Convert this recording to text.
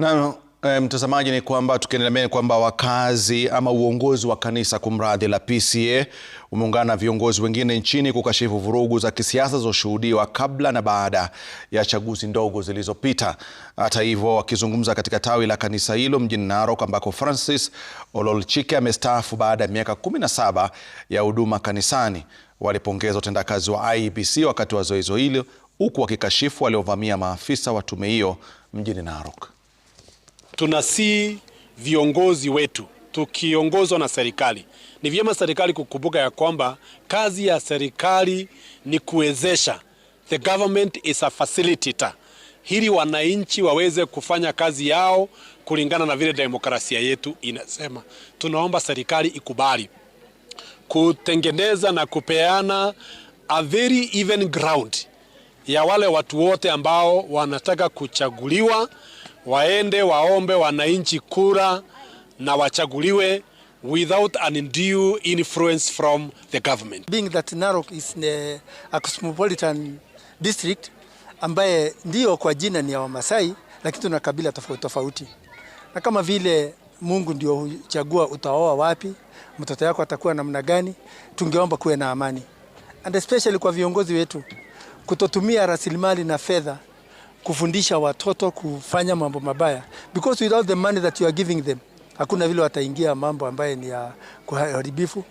Na eh, mtazamaji ni kwamba tukiendelea kwamba wakazi ama uongozi wa kanisa kumradhi la PCEA umeungana na viongozi wengine nchini kukashifu vurugu za kisiasa zilizoshuhudiwa kabla na baada ya chaguzi ndogo zilizopita. Hata hivyo, wakizungumza katika tawi la kanisa hilo mjini Narok ambako Francis Ololchike amestaafu baada ya miaka 17 ya huduma kanisani, walipongeza utendakazi wa IEBC wakati wa zoezo hilo, huku wakikashifu waliovamia maafisa wa tume hiyo mjini Narok tunasii viongozi wetu tukiongozwa na serikali, ni vyema serikali kukumbuka ya kwamba kazi ya serikali ni kuwezesha. The government is a facilitator, ili wananchi waweze kufanya kazi yao kulingana na vile demokrasia yetu inasema. Tunaomba serikali ikubali kutengeneza na kupeana a very even ground ya wale watu wote ambao wanataka kuchaguliwa waende waombe wananchi kura na wachaguliwe without an undue influence from the government. Being that Narok is a cosmopolitan district ambaye ndiyo kwa jina ni ya Wamasai lakini tuna kabila tofauti tofauti, na kama vile Mungu ndio huchagua utaoa wapi, mtoto yako atakuwa namna gani, tungeomba kuwe na amani and especially kwa viongozi wetu kutotumia rasilimali na fedha kufundisha watoto kufanya mambo mabaya, because without the money that you are giving them hakuna vile wataingia mambo ambayo ni ya kuharibifu.